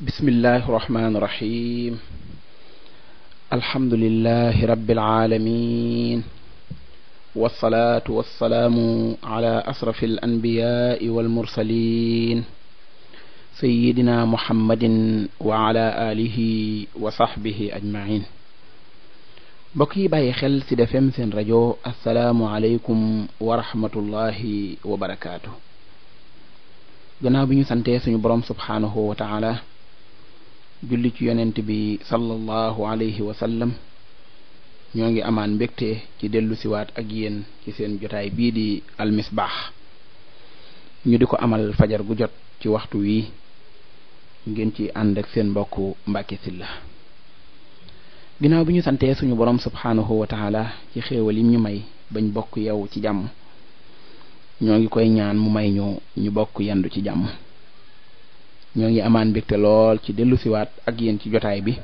bismillahi rahmaani rahiim alhamdulillahi rabbil aalamiin wasalaatu wasalaamu ala asrafil anbiyaai wal mursaliin sayyidina muhammadin wa ala alihi wa sahbihi ajmain mbokk yi bàyyi xel ci Sud FM seen rajo asalaamualeykum wa rahmatullahi wa barakaatu. gannaaw bi ñu santee suñu borom subhaanahu wa taala julli ci yonent bi sallallahu alayhi wa ñoo ngi amaan mbégte ci dellu siwaat ak yéen ci seen jotaay bii di almisbaax ñu di ko amal fajar gu jot ci waxtu wi ngeen ci ànd ak seen mbokk Mbàkke Sylla ginnaaw bi ñu santee suñu borom subhaanahu wa taala ci xéewal yi ñu may bañ bokk yow ci jàmm ñoo ngi koy ñaan mu may ñu ñu bokk yendu ci jàmm ñoo ngi amaan mbégte lool ci dellu siwaat ak yéen ci jotaay bi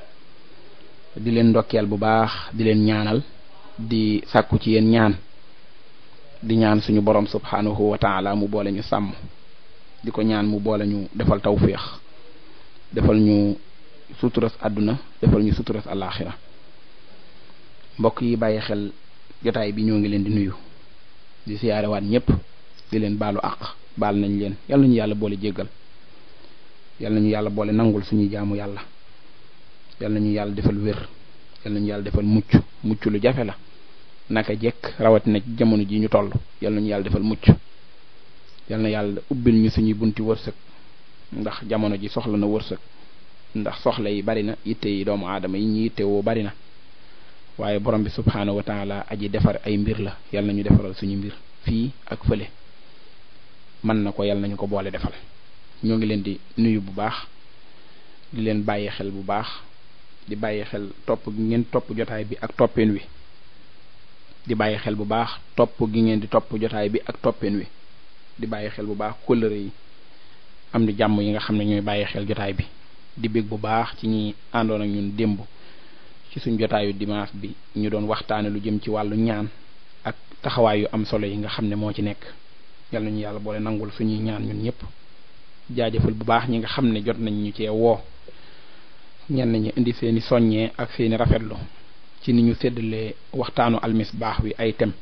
di leen ndokkeel bu baax di leen ñaanal di sàkku ci yéen ñaan di ñaan suñu borom subhanahu wa taala mu boole ñu sàmm di ko ñaan mu boole ñu defal tawféex defal ñu suturas àdduna defal ñu suturas àllaaxira mbokk yi bàyyi xel jotaay bi ñoo ngi leen di nuyu di siyaarewaat ñëpp di leen baalu àq baal nañ leen yàlla ñu yàlla boole jéggal yal nañu yàlla boole nangul suñuy jaamu yàlla yal nañu yàlla defal wér yal nañu yàlla defal mucc mucc lu jafe la naka jekk rawatina jamono ji ñu toll yal nañu yàlla defal mucc yal na yàlla ubbil ñu suñuy bunti wërsëg ndax jamono ji soxla na wërsëg ndax soxla yi bari na yitte yi doomu aadama yi ñi yitte woo bari na waaye borom bi subhaanahu wa taala aji defar ay mbir la yal ñu defaral suñu mbir fii ak fële mën na ko yal nañu ko boole defal ñoo ngi leen di nuyu bu baax di leen bàyyi xel bu baax di bàyyi xel topp gi ngeen topp jotaay bi ak toppin wi di bàyyi xel bu baax topp gi ngeen di topp jotaay bi ak toppin wi di bàyyi xel bu baax kóllëre yi am di jàmm yi nga xam ne ñooy bàyyi xel jotaay bi di bég bu baax ci ñi àndoon a ñun démb ci suñ jotaayu dimaas bi ñu doon waxtaane lu jëm ci wàllu ñaan ak taxawaay yu am solo yi nga xam ne moo ci nekk yal nañu yàlla boole nangul suñuy ñaan ñun ñëpp jaajëfal bu baax ñi nga xam ne jot nañ ñu cee woo ñenn ñi indi seeni soññee ak seeni rafetlu ci ni ñu séddalee waxtaanu baax wi ay tem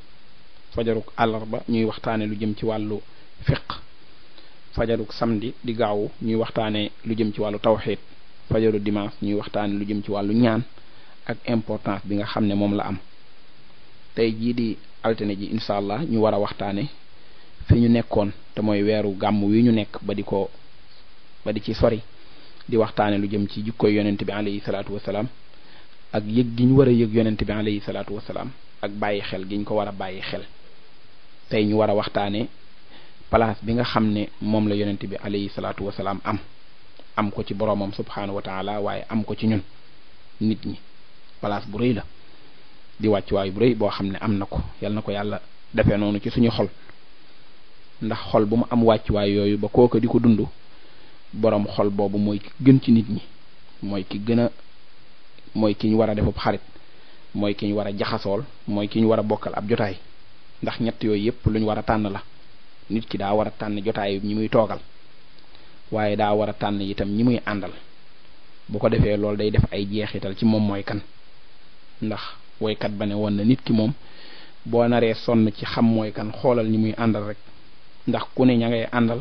fajaruk àllarba ñuy waxtaane lu jëm ci wàllu fiq fajaruk samdi di gaawu ñuy waxtaane lu jëm ci wàllu tawxiid fajaru dimanche ñuy waxtaane lu jëm ci wàllu ñaan ak importance bi nga xam ne moom la am tey jii di altine ji incha allah ñu war a waxtaane fi ñu nekkoon te mooy weeru gàmm wi ñu nekk ba di ko ba di ci sori di waxtaane lu jëm ci jikkoy yonent bi alayhi salaatu wasalaam ak yëg gi ñu war a yëg yonent bi alayhi salaatu wasalaam ak bàyyi xel gi ñu ko war a bàyyi xel tey ñu war a waxtaane place bi nga xam ne moom la yonent bi alayhi salaatu wasalaam am am ko ci boroomam subhaanahu wa taala waaye am ko ci ñun nit ñi place bu rëy la di wàcc waayu bu rëy boo xam ne am na ko yal na ko yàlla defee noonu ci suñu xol ndax xol bu mu am wàccuwaay yooyu ba kooka di ko dund boroom xol boobu mooy ki gën ci nit ñi mooy ki gën a mooy ki ñu war a defub xarit mooy ki ñu war a jaxasool mooy ki ñu war a bokkal ab jotaay ndax ñett yooyu yépp lu ñu war a tànn la nit ki daa war a tànn jotaay ñi muy toogal waaye daa war a tànn itam ñi muy àndal bu ko defee loolu day def ay jeexital ci moom mooy kan ndax woykat ba ne woon na nit ki moom boo naree sonn ci xam mooy kan xoolal ñi muy àndal rek ndax ku ne ña ngay àndal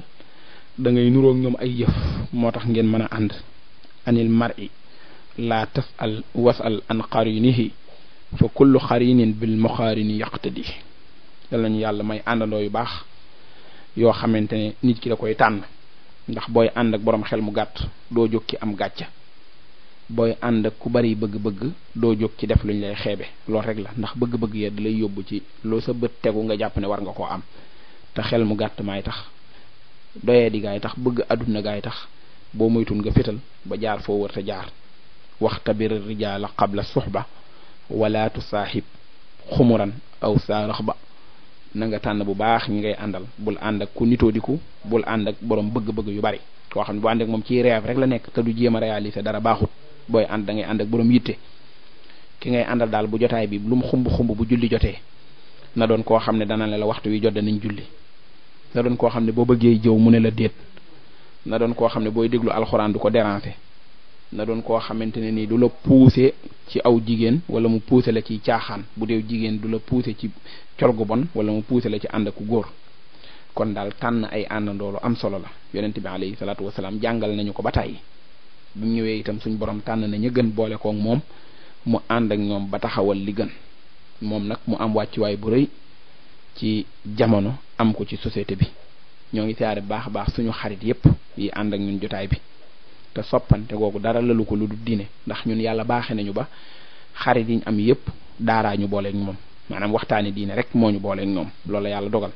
dangay ngay nuroog ñoom ay jëf moo tax ngeen mën a ànd anil mar'i la tasal wasal an qarinihi fa kullu qarinin bil muqarini yaqtadi dal nañu yàlla may àndandoo yu baax yoo xamante ne nit ki da koy tànn ndax booy ànd ak boroom xel mu gàtt doo jóg ci am gàcca booy ànd ak ku bari bëgg-bëgg doo jóg ci def lu luñ lay xeebe loolu rek la ndax bëgg-bëgg ya da lay yóbbu ci loo sa bët tegu nga jàpp ne war nga koo am xel mu gàtt maay tax doyee di gaay tax bëgg àdduna gaay tax boo moytul nga fétal ba jaar foo war te jaar waxtabir rijaala qabla suxba wala tusaaxib xumuran aw saarax ba nanga tànn bu baax ñi ngay àndal bul ànd ak ku nitoo diku bul ànd ak borom bëgg-bëgg yu bari koo xam ne bu ànd ak moom ci rêve rek la nekk te du jéem a réaliser dara baaxut booy ànd da ngay ànd ak borom yitte ki ngay àndal daal bu jotaay bi lu xumb xumb bu julli jotee na doon koo xam ne dana la waxtu wi jot nañ julli na doon koo xam ne boo bëggee jëw mu ne la déet na doon koo xam ne booy déglu alxuraan du ko déranger na doon koo xamante ne nii du la pousser ci aw jigéen wala mu pousser la ci caaxaan bu deew jigéen du la pousser ci col gu bon wala mu pousser la ci ànd ku góor kon daal tànn ay àndandoolu am solo la yonent bi alayhi salaatu wasalaam jàngal nañu ko ba tàyyi bu ñëwee itam suñ borom tànn na ñu gën boole kook moom mu ànd ak ñoom ba taxawal li gën moom nag mu am wàccuwaay bu rëy ci jamono am ko ci société bi ñoo ngi siyaare baax a baax suñu xarit yépp yi ànd ak ñun jotaay bi te soppante googu dara lalu ko lu du diine ndax ñun yàlla baaxee nañu ba xarit yi am yépp daaraa ñu booleeg moom maanaam waxtaani diine rek moo ñu booleeg ñoom loolu yàlla dogal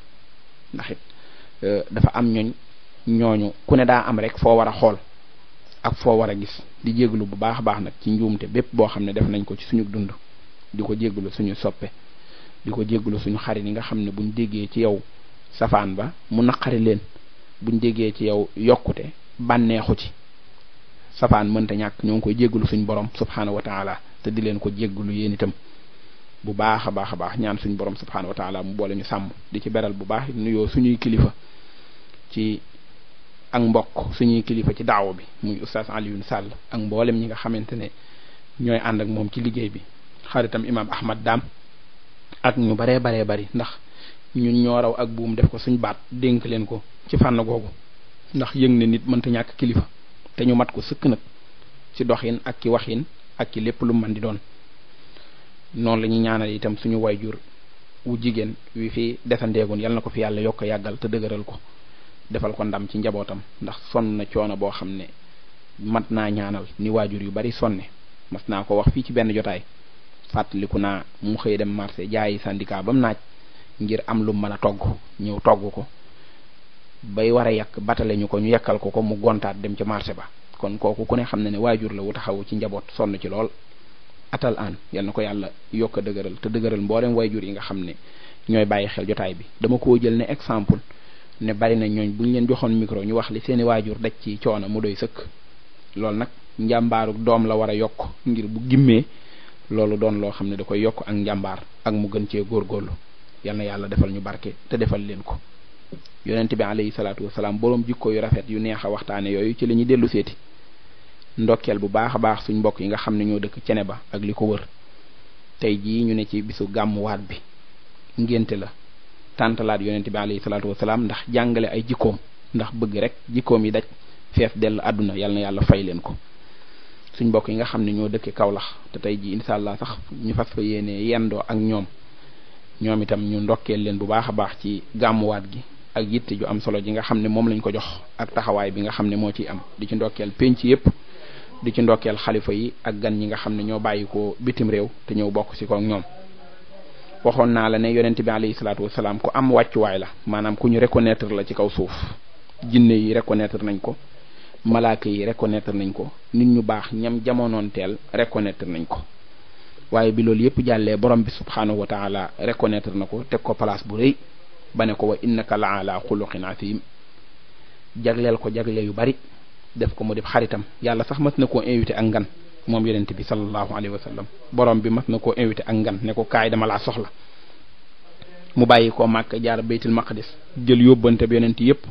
ndax it e, dafa am ñooñ ñooñu ku ne daa am rek foo war a xool ak foo war a gis di jéglu bu baax a baax nag ci njuumte bépp boo xam ne def nañ ko ci suñu dund di ko jéglu suñu soppe di ko jégglu suñu xarit yi nga xam ne buñ déggee ci yow safaan ba mu naqari leen buñ déggee ci yow yokkute bànneexu ci safaan mënta ñàkk ñoo ngi koy jégglu suñu borom subhaanahu wa te di leen ko jégglu yéen itam bu baax a baax a baax ñaan suñu borom subhaanahu wa taala mu boole ñu sàmm di ci beral bu baax nuyoo suñuy kilifa ci ak mbokk suñuy kilifa ci daaw bi muy oustaz Alioune Sall ak mboolem ñi nga xamante ne ñooy ànd ak moom ci liggéey bi xaritam imaam Ahmad Daam ak ñu baree baree bari ndax ñu ñoo raw ak buum def ko suñ baat dénk leen ko ci fànn googu ndax yëg ne nit mënta ñàkk kilifa te ñu mat ko sëkk nag ci doxin ak ci waxin ak ci lépp lu mën di doon noonu lañu ñuy ñaanal itam suñu wayjur wu jigéen wi fi desandeegun yal na ko fi yàlla yokk yàggal te dëgëral ko defal ko ndam ci njabootam ndax sonn na coono boo xam ne mat naa ñaanal ni waajur yu bari sonne mas naa ko wax fii ci benn jotaay fàttaliku naa mu xëy dem marché jaayi syndicat ba mu naaj ngir am lu mën a togg ñëw togg ko bay war a yàq batale ñu ko ñu yàkkal ko ko mu gontaat dem ca marché ba kon kooku ku ne xam na ne waajur la wu taxawu ci njaboot sonn ci lool atal aan yal na ko yàlla yokk a dëgëral te dëgëral mboolem waajur yi nga xam ne ñooy bàyyi xel jotaay bi dama koo jël ne exemple ne bari na ñooñ buñ leen joxoon micro ñu wax li seeni waajur daj ci coono mu doy sëkk loolu nag njàmbaaruk doom la war a yokk ngir bu loolu doon loo xam ne da koy yokk ak njàmbaar ak mu gën cee góorgóorlu yal na yàlla defal ñu barke te defal leen ko yonent bi alayhi salaatu wasalaam boroom jikko yu rafet yu neex a waxtaane yooyu ci la ñuy dellu seeti ndokkeel bu baax a baax suñ mbokk yi nga xam ne ñoo dëkk cene ba ak li ko wër tey jii ñu ne ci bisu gàmmuwaat bi ngénte la tàntalaat yonent bi alayhi salaatu wasalaam ndax jàngale ay jikkoom ndax bëgg rek jikkoom yi daj feef dell àdduna yal yàlla fay leen ko suñ mbokk yi nga xam ne ñoo dëkke Kaolack te tey ji incha allah sax ñu fas fa yéene yendoo ak ñoom ñoom itam ñu ndokkeel leen bu baax a baax ci gàmmuwaat gi ak yitte ju am solo ji nga xam ne moom lañ ko jox ak taxawaay bi nga xam ne moo ciy am di ci ndokkeel penc yépp di ci ndokkeel xalifa yi ak gan ñi nga xam ne ñoo bàyyi ko bitim réew te ñëw bokk si ko ak ñoom waxoon naa la ne yonent bi alayhi salaatu wasalaam ku am wàccuwaay la maanaam ku ñu reconnaître la ci kaw suuf jinne yi reconnaître nañ ko malaaka yi reconnaître nañ ko nit ñu baax ñam jamonoonteel reconnaître nañ ko waaye bi loolu yépp jàllee borom bi subhaanahu wa taala reconnaître na ko teg ko place bu rëy ba ne ko wa innaka la ala xuluqin azim jagleel ko jagle yu bari def ko mu def xaritam yàlla sax mas na koo invité ak ngan moom yonent bi sallallahu alayhi wa sallam borom bi mas na koo invité ak ngan ne ko kaay dama laa soxla mu bàyyi koo màkk jaar baytul maqdis jël yóbbante bi yonent yépp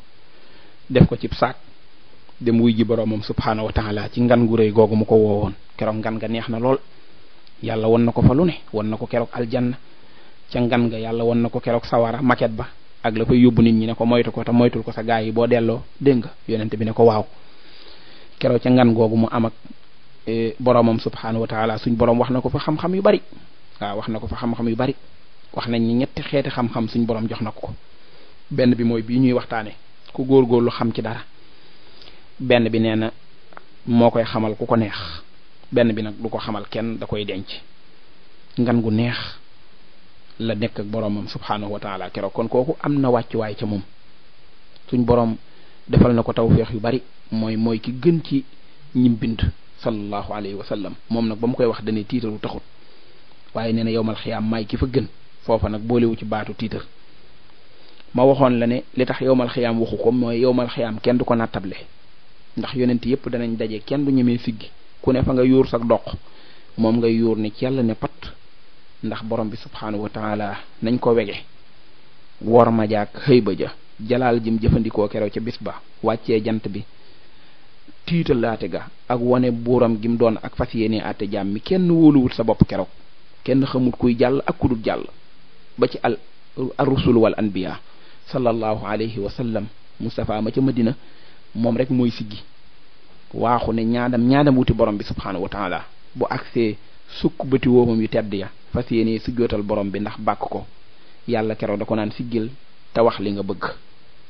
ko ci saak dem wuy ji boroomam subhaanahu wa taala ci ngan gu rëy googu mu ko woowoon keroog ngan nga neex na lool yàlla won na ko fa lu ne won na ko keroog aljanna ca ngan nga yàlla won na ko keroog sawara maquette ba ak la fay yóbbu nit ñi ne ko moytu ko te moytul ko sa gaa yi boo delloo dégg nga yonent bi ne ko waaw keroog ca ngan googu mu am ak e, boroomam subhaanahu wa taala suñ boroom wax na ko fa xam-xam yu bari waaw wax na ko fa xam-xam yu bari wax nañ ni ñetti xeeti xam-xam suñ boroom jox na ko ko benn bi mooy bii ñuy waxtaane ku góorgóorlu xam ci dara benn bi nee na moo koy xamal ku ko neex benn bi nag du ko xamal kenn da koy denc ngan gu neex la nekk ak boromam subhaanahu wa taala keroog kon kooku am na wàccuwaay ca moom suñ boroom defal na ko tawféex yu bari mooy mooy ki gën ci ñim bind sallallahu alayhi wa sallam moom nag ba mu koy wax dane tiitaru taxut waaye nee na yowmal xiyaam maay ki fa gën foofa nag boolewu ci baatu tiitar ma waxoon la ne li tax yowmal xiyaam waxu ko mooy yowmal xiyaam kenn du ko nattable ndax yonent yépp danañ daje kenn du ñemee siggi ku ne fa nga yuur sag doq moom ngay yuur ni ci yàlla ne pat ndax borom bi subhaanahu wa taala nañ ko wege wor ma jaag xëy ja jalaal jim jëfandikoo kerew ca bis ba wàccee jant bi tiitalaate ga ak wone buuram gim doon ak fas yéene àtte jaam mi kenn wóoluwut sa bopp keroog kenn xamut kuy jàll ak kudut jàll ba ci al rusul wal anbiya sallallahu alayhi wa sallam Mustafa ma ca Madina moom rek mooy siggi waaxu ne ñaadam ñaadam wuti borom bi subhaanahu wa taala bu agsee sukk bëti woomam yu tedd ya fas yéene sujjootal borom bi ndax bàkk ko yàlla keroog da ko naan siggil te wax li nga bëgg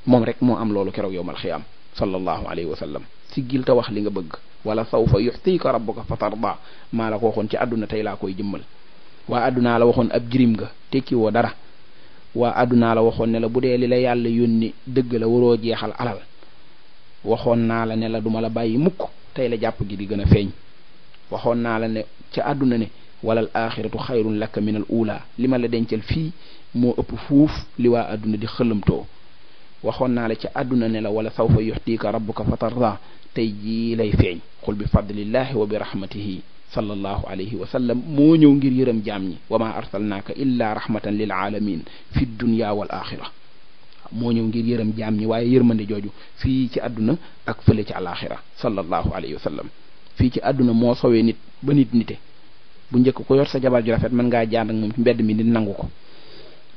moom rek moo am loolu keroog yowmal xiyaam sallallahu alayhi wa sallam siggil te wax li nga bëgg wala sawfa yuxtiika rabbuka fa tarda maa la ko waxoon ci àdduna tey laa koy jëmmal waa àddunaa la waxoon ab jirim nga tekki woo dara waa àddunaa la waxoon ne la bu dee li la yàlla yónni dëgg la waroo jeexal alal waxoon naa la ne la duma la bàyyi mukk tey la jàpp gi di gën a feeñ waxoon naa la ne ca àdduna ne walal axiratu xayrun laka min al ula li ma la dencal fii moo ëpp fuuf li waa àdduna di xëlëmtoo waxoon naa la ca àdduna ne la wala sawfa yuxtiika fa fatarda tey jii lay feeñ xul bi fadlillahi wa bi rahmatihi sallallahu alayhi wa sallam moo ñëw ngir yërëm jaam ñi wa ma arsalnaaka illa rahmatan lil alamin fi dunya wal axira moo ñëw ngir yërëm jaam ñi waaye yërmande jooju fii ci àdduna ak fële ci alaxira sallallahu alayhi wa sallam fii ci àdduna moo sowee nit ba nit nite bu njëkk ko yor sa jabar ju rafet mën ngaa jaan ak moom ci mbedd mi nit nangu ko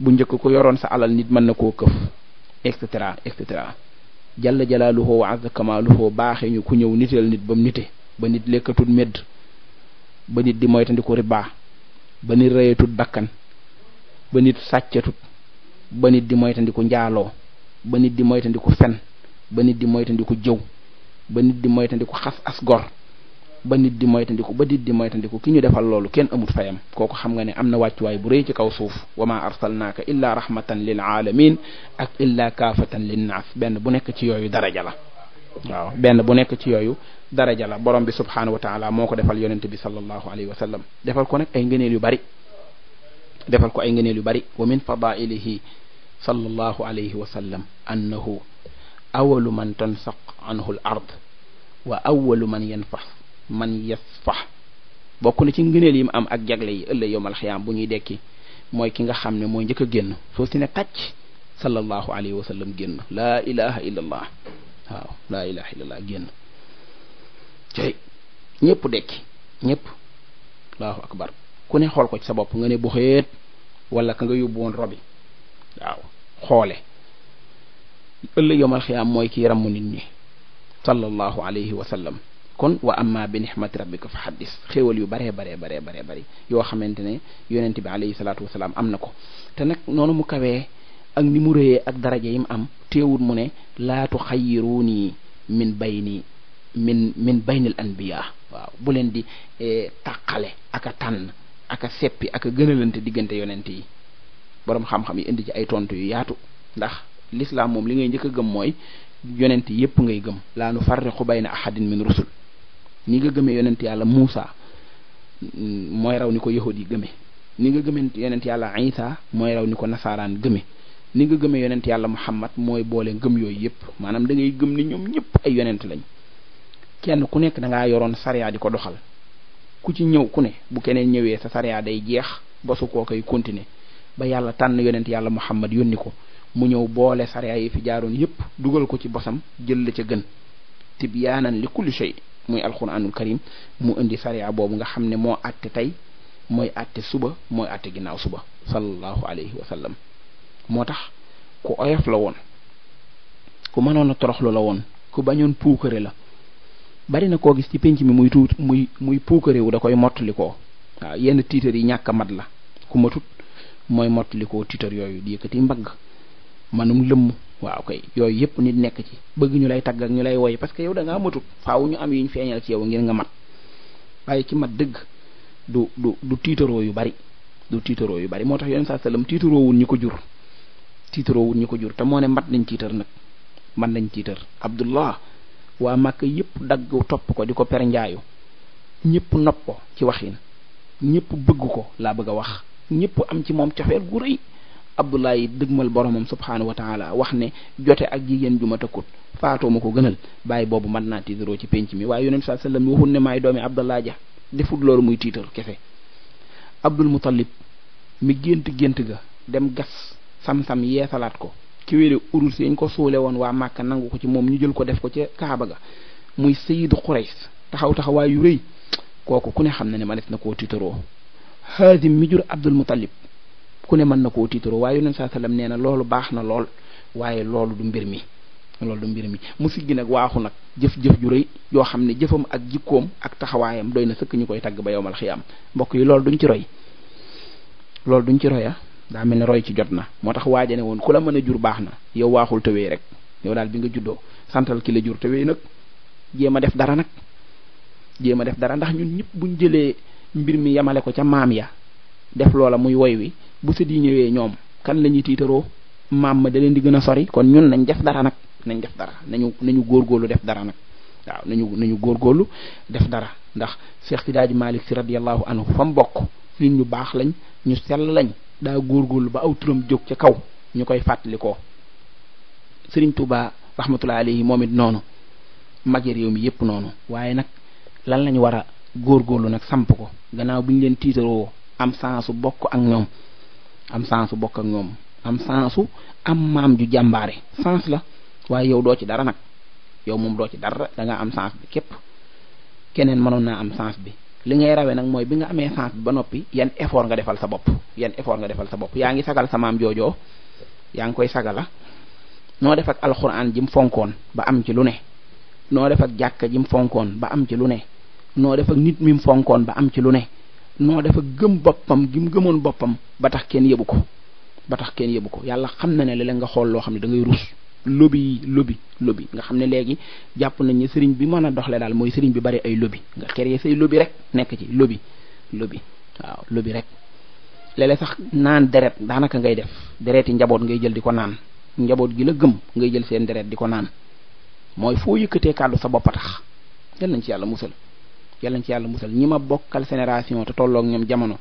bu njëkk ko yoroon sa alal nit mën na koo këf et cetera et cetera jalla jalaaluhu wa azza kamaaluhu baaxee ñu ku ñëw niteel nit ba mu nite ba nit lekkatul medd ba nit di moytandiku ribaa ba nit reyatul bakkan ba nit sàccatut ba nit di moytandiku njaaloo ba nit di moytandiku fen ba nit di moytandiku jëw ba nit di moytandiku xas as gor ba nit di moytandiku ba nit di moytandiku ki ñu defal loolu kenn amut fayam kooku xam nga ne am na wàccuwaay bu rëy ci kaw suuf wa ma arsalnaaka illaa rahmatan lil aalamin ak illaa kaafatan linnaas benn bu nekk ci yooyu daraja la waaw benn bu nekk ci yooyu daraja la borom bi subhaanahu wa taala moo ko defal yonente bi sallallahu alayhi wa sallam defal ko ay ngëneel yu bari defal ko ay ngëneel yu bari wa min fadailihi sallallahu alayhi wa sallam annahu awalu man tansaq anhu l ard wa awalu man yanfax man yasfax bokk na ci ngëneel yi mu am ak jagle yi ëllëg yowmal xiyaam bu ñuy dekki mooy ki nga xam ne mooy njëkk a génn soo si ne tàcc sallallahu alayhi wa sallam génn laa ilaha illa allah waaw laa ilaha illa allah génn cay ñëpp dekki ñëpp allahu akbar ku ne xool ko ci sa bopp nga ne bu xeet wala ka nga yóbbu woon robi waaw xoole ëllëg yowmal xiyaam mooy kii ramm nit ñi sallallahu alayhi wa sallam kon wa amma bi nixmati rabbika fa xaddis xéewal yu baree baree baree baree bëri yoo xamante ne yonent bi alayhi salaatu am na ko te nag noonu mu kawee ak ni mu réyee ak daraja yi mu am téewul mu ne laatu xayiruuni min bayni min min baynil anbiya waaw bu leen di eh, tàqale ak a tànn ak a seppi ak a gënalante diggante yonent yi boroom xam-xam yi indi ci ay tontu yu yaatu ndax lislaam moom li ngay njëkk a gëm mooy yonent yépp ngay gëm laa nu farriqu bayna ahadin min rusul ni nga gëmee yonent yàlla Muusa mooy raw ni ko yahud yi gëmee ni nga gëmee yonent yàlla Isa mooy raw ni ko nasaaraan gëme ni nga gëmee yonent yàlla Muhammad mooy boole ngëm yooyu yépp maanaam da gëm ni ñoom ñépp ay yonent lañ kenn ku nekk da ngaa yoroon sariya di ko doxal ku ci ñëw ku ne bu keneen ñëwee sa sariya day jeex bosu koo koy continuer ba yàlla tànn yonent yàlla muhammad yónni ko mu ñëw boole sariya yi fi jaaroon yépp dugal ko ci bosam jël la ca gën tibyaanan li kulli shay muy alquranul karim mu indi sariya boobu nga xam ne moo àtte tey mooy àtte suba mooy àtte ginnaaw suba sallallahu alayhi wa moo tax ku oyof la woon ku mënoon a toroxlu la woon ku bañoon puukare la bari na koo gis ci penc mi muy tuut muy muy puukarewu da koy mottalikoo waaw yenn tiitar yi ñàkk a mat la ku matut mooy mottalikoo tiitar yooyu di yëkkati mbagg manum lëmm waaw kay yooyu yëpp nit nekk ci bëgg ñu lay tagg ak ñu lay woy parce que yow da ngaa matut faaw ñu am yuñ feeñal ci yow ngir nga mat waaye ci mat dëgg du du du tiitaroo yu bari du tiitaroo yu bari moo tax yoon saa sallam tiitaroowul ñu ko jur tiitaroowul ñu ko jur te moo ne mat nañ tiitar nag mat nañ tiitar abdullah waa Màkka yépp dagg topp ko di ko per njaayu ñépp nopp ko ci waxin ñépp bëgg ko laa bëgg a wax ñépp am ci moom cofeel gu rëy Abdoulaye dëgmal boromam subxanahu wa taala wax ne jote ak jigéen ju ma tëkkut faatoo ma ko gënal bàyyi boobu mën naa tiitaroo ci penc mi waaye yonent sa sallallahu alayhi wasallam ne maay doomi Abdallah ja defut loolu muy tiitar kese Abdul Muttalib mi gént gént ga dem gas sam-sam yeesalaat ko ci wéere urus yañ ko suule woon waa màkk nangu ko ci moom ñu jël ko def ko ca Kaaba ga muy sayidu Qurays taxaw taxawaay yu rëy kooku ku ne xam na ne ma def na koo tiitaroo Haasim mi jur Abdul Muttalib ku ne mën na koo tiitaroo waaye Yonent saa sallam nee na loolu baax na lool waaye loolu du mbir mi loolu du mbir mi mu siggi nag waaxu nag jëf-jëf ju rëy yoo xam ne jëfam ak jikkoom ak taxawaayam doy na sëkk ñu koy tagg ba yowmal xiyaam mbokk yi loolu duñ ci roy loolu duñ ci roya ah. daa mel ne roy ci jot na moo tax waaja ne woon ku la mën a jur baax na yow waaxul tawee rek yow daal bi nga juddoo santal ki la jur tawee nag jéem a def dara nag jéem a def dara ndax ñun ñëpp buñ jëlee mbir mi yemale ko ca maam ya def loola muy woy wi bu sët yi ñëwee ñoom kan la ñuy tiitaroo maam ma da di gën a sori kon ñun nañ def dara nag nañ def dara nañu nañu góorgóorlu def dara nag waaw nañu nañu góor góorlu def dara ndax Cheikh Tidjadji Malick si radiyallahu anhu fa mu bokk nit baax lañ ñu sell lañ daa góor góorgóorlu ba aw turam jóg ca kaw ñu koy fàttali ko sëriñ Tuubaa rahmatullahi alayhi moom it noonu magi réew mi yépp noonu waaye nag lan lañu war a góorlu nag samp ko gannaaw bi ñu leen tiitaroo am sansu bokk ak ñoom am sansu bokk ak ñoom am sansu am maam ju jàmbaare sans la waaye yow doo ci dara nag yow moom doo ci dara da nga am sans bi képp keneen mënoon naa am sans bi li ngay rawee nag mooy bi nga amee sens ba noppi yan effort nga defal sa bopp yan effort nga defal sa bopp yaa ngi sagal sa maam joojoo yaa ngi koy sagala noo def ak alxuraan ji mu fonkoon ba am ci lu ne noo def ak jàkka fonkoon ba am ci lu ne noo def ak nit mi mu fonkoon ba am ci lu ne noo def ak gëm boppam gi mu gëmoon boppam ba tax kenn yëbu ko ba tax kenn yëbu ko yàlla xam na ne léeg nga xool loo xam ne dangay ngay ruus lobby yi lobby lobby nga xam ne léegi jàpp nañ ne sëriñ bi mën a doxle daal mooy sëriñ bi bari ay lobby nga créer say lobby rek nekk ci lobby lobby waaw lobby rek léeg sax naan deret daanaka ngay def dereeti njaboot ngay jël di ko naan njaboot gi la gëm ngay jël seen deret di ko naan mooy foo yëkkatee kàddu sa bopp a tax yal nañ ci yàlla musal yal nañ ci yàlla musal ñi ma bokkal génération te tolloog ñoom jamono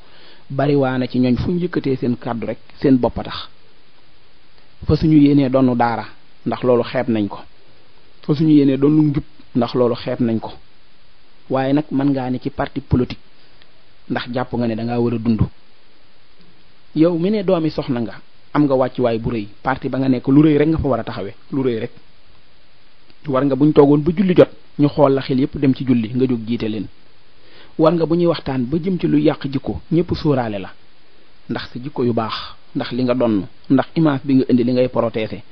bariwaana ci ñooñ fu ñu yëkkatee seen kàddu rek seen bopp a tax fa suñu yéenee doonu daara ndax loolu xeeb nañ ko fa suñu yéenee doon jub ndax loolu xeeb nañ ko waaye nag mën ngaa ne ci parti politique ndax jàpp nga ne da ngaa war a dund yow mi ne doomi soxna nga am nga wàccuwaay bu rëy parti ba nga nekk lu rëy rek nga fa war a taxawee lu rëy rek war nga buñ toogoon ba julli jot ñu xool la xel yépp dem ci julli nga jóg jiite leen war nga bu ñuy waxtaan ba jëm ci lu yàq jikko ñépp sooraale la ndax sa jikko yu baax ndax li nga donn ndax image bi nga indi li ngay protéger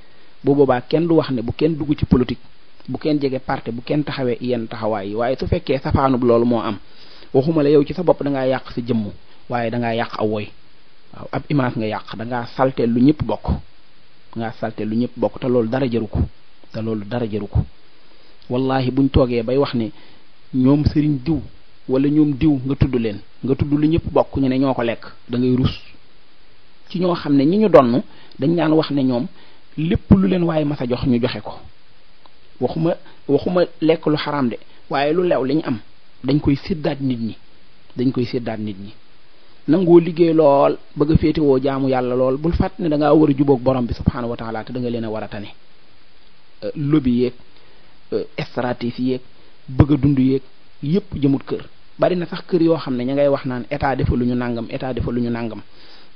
bu boobaa kenn du wax ne bu kenn dugg ci politique bu kenn jege parti bu kenn taxawee yenn taxawaay yi waaye su fekkee safaanub loolu moo am waxuma la yow ci sa bopp da yàq sa jëmm waaye da ngaa yàq aw waaw ab image nga yàq da ngaa salteel lu ñëpp bokk dangaa salteel lu ñëpp bokk loolu dara jëru ko te loolu dara jëru ko wallahi buñ toogee bay wax ne ñoom sëriñ diw wala ñoom diw nga tudd leen nga tudd lu ñëpp bokk ñu ne ñoo ko lekk da ngay rus ci ñoo xam ne ñi ñu donn dañ daan wax ne ñoom lépp lu leen waaye mas a jox ñu joxe ko waxuma waxuma lekk lu xaraam de waaye lu leew li ñu am dañ koy séddaat nit ñi dañ koy séddaat nit ñi nangoo liggéey lool bëgg a féetewoo jaamu yàlla lool bul fàtt ne da ngaa war a jubóog borom bi subhaanahu wa taala te da leen a war a tane euh, lobby yeeg euh, stratégie yeeg bëgg a dund yeeg yépp jëmut kër bari na sax kër yoo xam ne ña ngay wax naan état defa lu ñu nàngam état defa lu ñu nàngam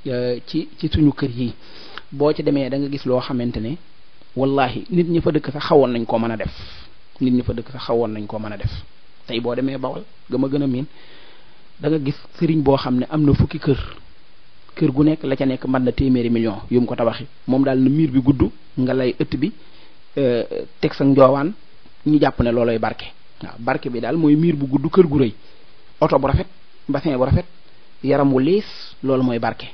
euh, ci ci suñu kër yi boo ci demee danga gis loo xamante ne wallahi nit ñi fa dëkk sax xawoon nañ koo mën a def nit ñi fa dëkk xawoon nañ koo mën a def tey boo demee bawal ga ma gën a miin da nga gis sëriñ boo xam ne am na fukki kër kër gu nekk la ca nekk mën na téeméeri million yu mu ko tabaxi moom daal na miir bi gudd nga lay ëtt bi euh, teg sa njoowaan ñu jàpp ne looloy barke waaw barke bi daal mooy miir bu gudd kër gu rëy oto bu rafet bassin bu rafet yaram wu liis loolu mooy barke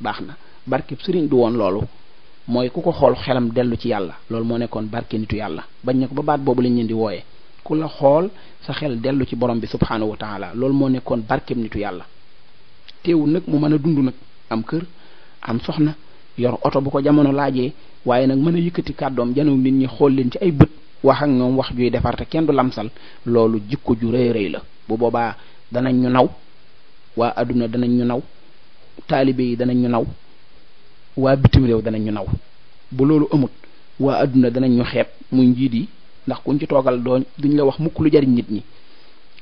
baax na barkeb sëriñ du woon loolu mooy ku ko xool xelam dellu ci yàlla loolu moo nekkoon barke nitu yàlla bañ ne ko ba baat boobu lañ leen di wooyee ku la xool sa xel dellu ci borom bi subhaanahu wa taala loolu moo nekkoon barkeb nitu yàlla teewul nag mu mën a dund nag am kër am soxna yor oto bu ko jamono laajee waaye nag mën a yëkkati kàddoom janu nit ñi xool leen ci ay bët wax ak ñoom wax juy defar te kenn du lamsal loolu jikko ju rëy rëy la bu boobaa danañ ñu naw waa adduna danañ ñu naw taalibe danañ ñu naw waa bitim réew danañ ñu naw bu loolu amut waa àdduna danañ ñu xeeb muy njiit yi ndax kuñ ci toogal doo duñ la wax mukk lu jariñ nit ñi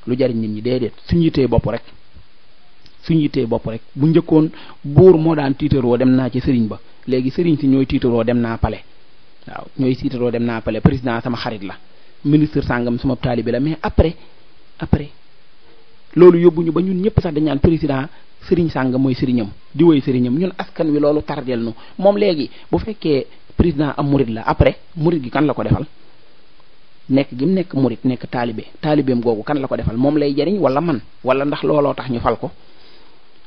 lu jariñ nit ñi déedéet suñ yitee bopp rek suñ yitee bopp rek bu njëkkoon buur moo daan tiitaroo dem naa ci sëriñ ba léegi sëriñ si ñooy tiitaroo dem naa pale waaw ñooy tiitaroo dem naa pale président sama xarit la ministre sàngam sama taalibe la mais après après loolu yóbbu ñu ba ñun ñëpp sax dañ naan président sëriñ sànga mooy sëriñam di woy sëriñam ñun askan wi loolu tardeel nu moom léegi bu fekkee président am murit la après murit gi kan la ko defal nekk gi mu nekk murit nekk taalibe taalibeem googu kan la ko defal moom lay jariñ wala man wala ndax looloo tax ñu fal ko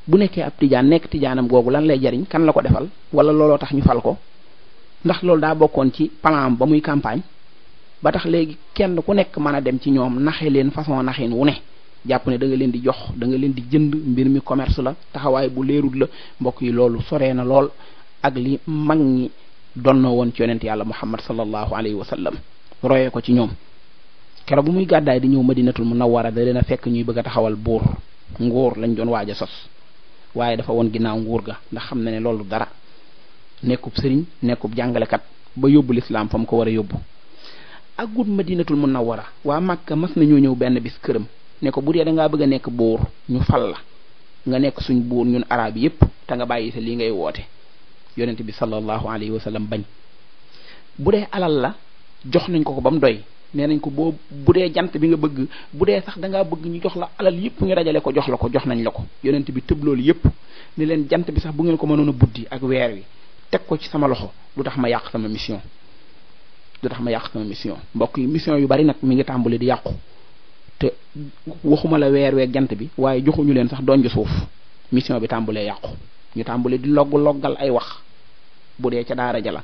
bu nekkee ab tijaan nekk tijaanam googu lan lay jariñ kan la ko defal wala looloo tax ñu fal ko ndax loolu daa bokkoon ci plan ba muy campagne ba tax léegi kenn ku nekk mën a dem ci ñoom naxe leen façon naxin wu ne jàpp ne da nga leen di jox danga leen di jënd mbir mi commerce la taxawaay bu leerul la mbokk yi loolu soree na lool ak li mag ñi donnoo woon ci yonent yàlla muhammad sallallahu alayhi wa sallam royee ko ci ñoom kero bu muy gàddaay di ñëw madinatul munawwara da leen a fekk ñuy bëgg a taxawal buur nguur lañ doon waaja a sos waaye dafa woon ginnaaw nguur ga ndax xam na ne loolu dara nekkub sëriñ nekkub jàngalekat ba yóbbu lislaam fa mu ko war a yóbbu agut madinatul munawwara waa màkka mas nañoo ñëw benn bis këram ne ko bu dee dangaa bëgg a nekk buur ñu fal la nga nekk suñ buur ñun araab yépp te nga bàyyi sa lii ngay woote yonent bi sallallahu alayhi wa sallam bañ bu dee alal la jox nañ ko ko ba mu doy nee nañ ko boo bu dee jant bi nga bëgg bu dee sax dangaa bëgg ñu jox la alal yépp ñu dajale ko jox la ko jox nañ la ko yonent bi tëb loolu yépp ni leen jant bi sax bu ngeen ko mënoon a buddi ak weer wi teg ko ci sama loxo du tax ma yàq sama mission du tax ma yàq sama mission mbokk yi mission yu bari nag mi ngi tàmbali di yàqu waxuma la weer weeg jant bi waaye joxuñu leen sax doon ju suuf mission bi tàmbulee yàqu ñu tàmbulee di logg loggal ay wax bu dee ca daara ja la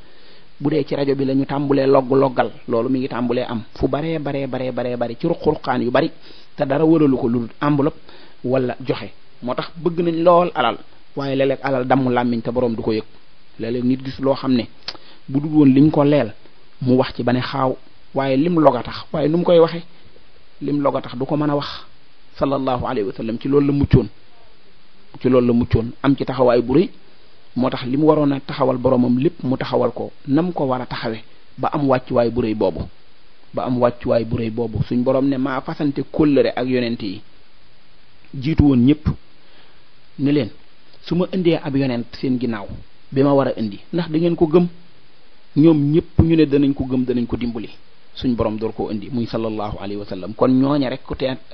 bu dee ci rajo bi la ñu tàmbulee logg loggal loolu mu ngi tàmbulee am fu baree baree baree baree bari ci ruq-ruqaan yu bari te dara waralu ko lu dul enveloppe wala joxe moo tax bëgg nañ lool alal waaye léeg alal damm làmmiñ te boroom du ko yëg léeg-léeg nit gis loo xam ne bu dul liñ ko leel mu wax ci ba ne xaaw waaye lim lim logo tax du ko mën a wax sallallahu alayhi wa sallam ci loolu la muccoon ci loolu la muccoon am ci taxawaay bu rëy moo tax li mu waroon a taxawal boromam lépp mu taxawal ko nam ko war a taxawe ba am wàccuwaay bu rëy boobu ba am wàccuwaay bu rëy boobu suñ borom ne maa fasante kóllëre ak yonent yi jiitu woon ñëpp ni leen su ma indee ab yonent seen ginnaaw bi ma war a indi ndax da ko gëm ñoom ñëpp ñu ne danañ ko gëm danañ ko dimbali suñ borom door koo indi muy sallallahu alayhi wa sallam kon ñooña rek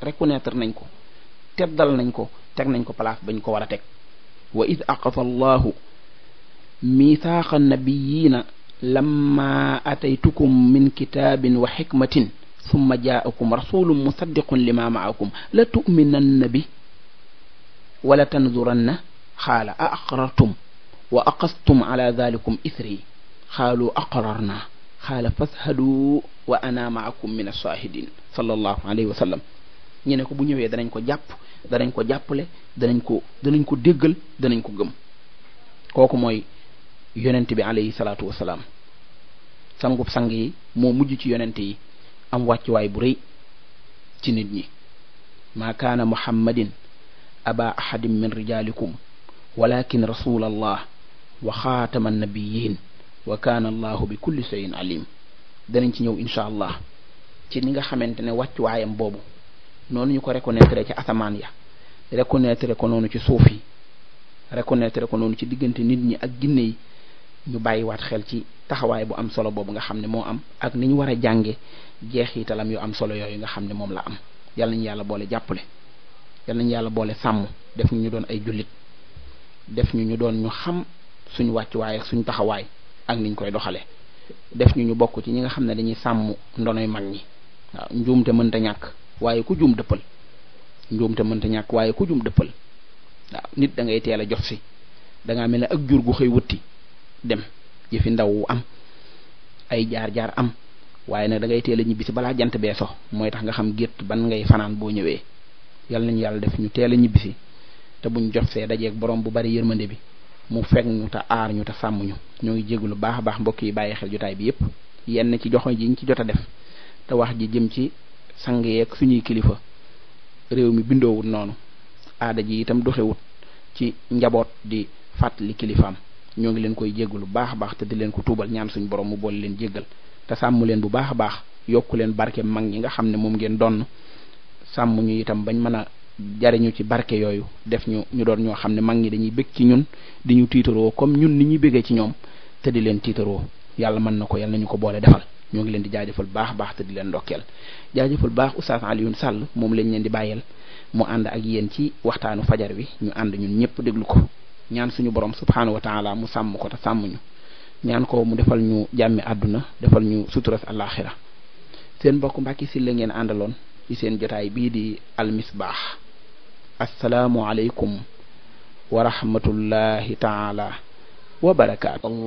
reconnaître nañ ko teddal nañ ko teg nañ ko place bañ ko war a teg wa id aqafa allahu mithaqa nabiyina lamma ataytukum min kitaabin wa xikmatin summa jaakum rasulun musaddiqun lima maakum la tuminanna bi wala tanduranna xaala a aqrartum wa aqastum ala dalikum isri xaalu aqrarna xaala fashadu wa ana maakum min asaahidin sallallahu alayhi wa sallam ñu ne ko bu ñëwee danañ ko jàpp danañ ko jàppale danañ ko danañ ko déggal danañ ko gëm kooku mooy yonent bi alayhi salaatu wasalaam sangub sang moo mujj ci yonent yi am wàccuwaay bu rëy ci nit ñi maa kaana muhammadin aba ahadin min rijaalikum walakin rasul allah wa xaatama annabiyin wa kaana allahu bi kulli shay'in alim danañ ci ñëw incha allah ci ni nga xamante ne wàccuwaayam boobu noonu ñu ko reconnaître ca asamaan ya reconnaître ko noonu ci suuf yi reconnaître ko noonu ci diggante nit ñi ak ginne yi ñu waat xel ci taxawaay bu am solo boobu nga xam ne moo am ak ni ñu war a jànge jeexitalam yu am solo yooyu nga xam ne moom la am yal nañu yàlla boole jàppale yal nañu yàlla boole sàmm def ñu ñu doon ay jullit def ñu ñu doon ñu xam suñu wàccuwaay ak suñu taxawaay ak niñ koy doxalee def ñu ñu bokk ci ñi nga xam ne dañuy sàmm ndonoy mag ñi waaw njuumte mënta ñàkk waaye ku juum dëppal njuumte mënta ñàkk waaye ku juum dëppal waaw nit da ngay teel a jox si da mel ne ak jur gu xëy wuti dem jëfi ndaw wu am ay jaar-jaar am waaye nag dangay ngay teel a ñibbi si balaa jant bee so mooy tax nga xam gétt ban ngay fanaan boo ñëwee yal nañu yàlla def ñu teel a ñibbisi te buñ jox see dajeeg borom bu bari yërmande bi mu fekk ñu te aar ñu te sàmm ñu ñoo ngi jégalu baax a baax mbokk yi bàyyi xel jotaay bi yépp yenn ci joxoñ ji ñu ci jot a def te wax ji jëm ci sang yeeg suñuy kilifa réew mi bindoowut noonu aada ji itam doxewut ci njaboot di fàttali kilifaam ñoo ngi leen koy lu baax a baax te di leen ko tuubal ñaan suñu borom mu boole leen jéggal te sàmm leen bu baax a baax yokku leen barke mag ñi nga xam ne moom ngeen donn sàmm ñu itam bañ mën a jariñu ci barke yooyu def ñu ñu doon ñoo xam ne mag ñi dañuy bég ci ñun di ñu tiitaroo comme ñun ni ñuy béggee ci ñoom te di leen tiitaroo yàlla mën na ko yàlla ñu ko boole defal ñoo ngi leen di jaajëfal baax baax te di leen ndokkeel jaajëfal baax Oustaz Alioune sàll moom lañ leen di bàyyeel mu ànd ak yéen ci waxtaanu fajar wi ñu ànd ñun ñëpp déglu ko ñaan suñu borom subhaanahu wa taala mu sàmm ko te sàmm ñu ñaan ko mu defal ñu jàmmi àdduna defal ñu suturas àllaaxira seen mbokk Mbàkke Sylla ngeen àndaloon ci seen jotaay bii di almisbaax asalaamualeykum wa rahmatullahi taala wa barakaatu